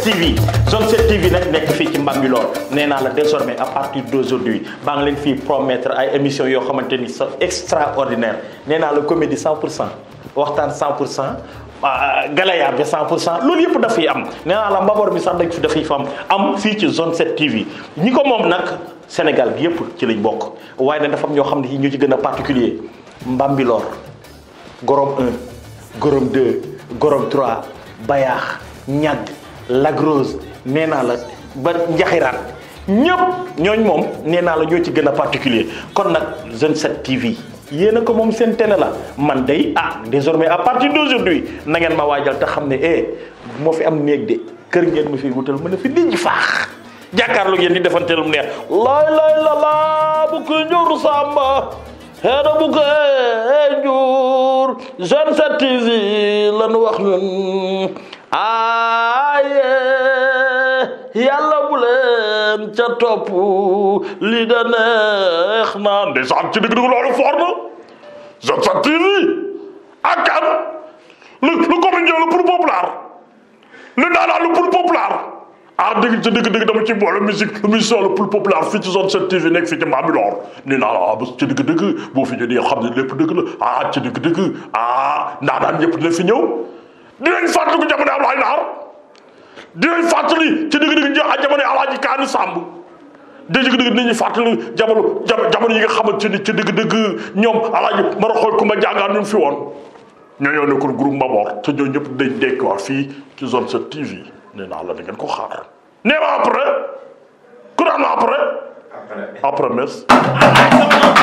tv zone 7TV nak nek fi ci Mbambilor nee naa la désormais à partir d'aujourd'hui ba ngi leen promettre ay émissions yo xamanteni extraordinaires sa extraordinaire nee la comédie 100 waxtan 100 galaya bi 100 pour cent loolu yëpp dafay am nee naa la mbaboor mi sax dañ fi dafay fa am am fii ci zone 7TV ñi ko moom nag Sénégal bi yëpp ci lañ bokk waaye nag dafa am ñoo xam ne ci gën a particulier Mbambilor Gorom 1 Gorom 2 Gorom 3 Bayaax Ñagg lagrose nee naa la ba njaxiraan ñëpp ñooñ moom nee la ñoo ci gën a particulier kon nag jeune set TV yéena ko moom seen télé la man day ah désormais à partir d'aujourd'hui na ngeen ma waajal te xam ne eh moo fi am néeg de kër ngeen ma fi wutal mën a fi dijj faax jàkkaarlu ngeen di defante lu neex lay lay la la bu ko njur samba xeena eh, bu ko eh, njur jeune set TV lañu wax ñun ah waaye la bu leen ca topp li da neex naan de sax ci digg digg loolu foor na Sen TV ak kan lu lu comédien lu pour populaire lu daanaa lu pour populaire ah dégg ci dégg dégg dama ci boole musique émission le plus populaire fii ci zone 7 TV nekk fii ci Bambilor nee naa la ah, ci dégg dégg boo fi ñëwee xam ne lépp dëgg la ah ci dégg dégg ah ndaanaan ñëpp dina fi ñëw dinañ fàttaliku Naar di leen fàttali ci digg a jamono alaaji kaani sàmb di digg-digg nit ñi fàttali jamono jamono yi nga xamante ni ci digg dëgg ñoom alaaji ma a xool ku ma jàngaan ñu fi woon ñoo ñoo nekkul groupe Mabor te ñoo ñëpp dañ dekk wax fii ci zone 7 TV nee naa la da ngeen ko xaar nee ma après ku daan après après mes